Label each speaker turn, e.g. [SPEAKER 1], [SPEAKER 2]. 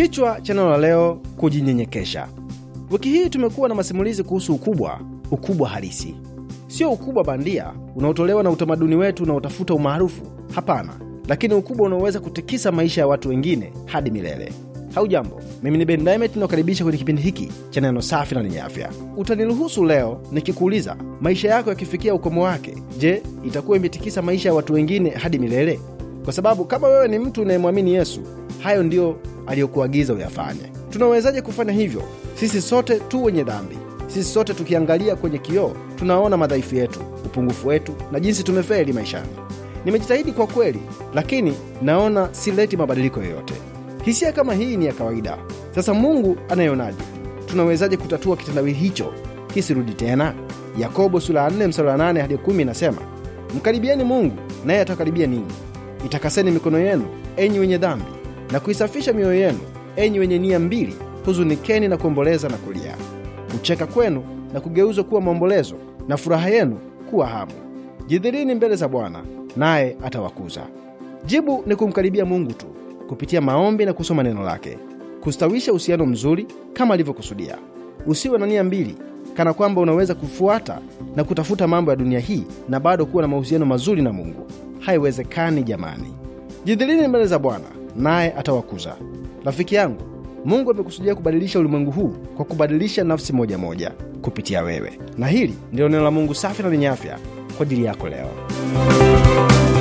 [SPEAKER 1] Kichwa cha neno la leo, kujinyenyekesha. Wiki hii tumekuwa na masimulizi kuhusu ukubwa, ukubwa halisi, sio ukubwa bandia unaotolewa na utamaduni wetu unaotafuta umaarufu. Hapana, lakini ukubwa unaoweza kutikisa maisha ya watu wengine hadi milele. Haujambo, mimi ni Ben Diamond, nakaribisha kwenye kipindi hiki cha neno safi na lenye afya. Utaniruhusu leo nikikuuliza, maisha yako yakifikia ukomo wake, je, itakuwa imetikisa maisha ya watu wengine hadi milele? Kwa sababu kama wewe ni mtu unayemwamini Yesu, hayo ndiyo aliyokuagiza uyafanye. Tunawezaje kufanya hivyo? Sisi sote tu wenye dhambi. Sisi sote tukiangalia kwenye kioo tunaona madhaifu yetu, upungufu wetu na jinsi tumefeli maishani. Nimejitahidi kwa kweli, lakini naona sileti mabadiliko yoyote. Hisia kama hii ni ya kawaida. Sasa Mungu anayonaje? Tunawezaje kutatua kitendawili hicho kisirudi tena? Yakobo sura 4 mstari wa 8 hadi 10 inasema, mkaribieni Mungu naye atakaribia ninyi, itakaseni mikono yenu, enyi wenye dhambi, na kuisafisha mioyo yenu, enyi wenye nia mbili, huzunikeni na kuomboleza na kulia. Kucheka kwenu na kugeuzwa kuwa maombolezo, na furaha yenu kuwa hamu. Jidhirini mbele za Bwana, naye atawakuza. Jibu ni kumkaribia Mungu tu kupitia maombi na kusoma neno lake, kustawisha uhusiano mzuri kama alivyokusudia. Usiwe na nia mbili, kana kwamba unaweza kufuata na kutafuta mambo ya dunia hii na bado kuwa na mahusiano mazuri na Mungu. Haiwezekani jamani. Jidhilini mbele za Bwana naye atawakuza. Rafiki yangu, Mungu amekusudia kubadilisha ulimwengu huu kwa kubadilisha nafsi moja moja kupitia wewe, na hili ndilo neno la Mungu safi na lenye afya kwa ajili yako leo.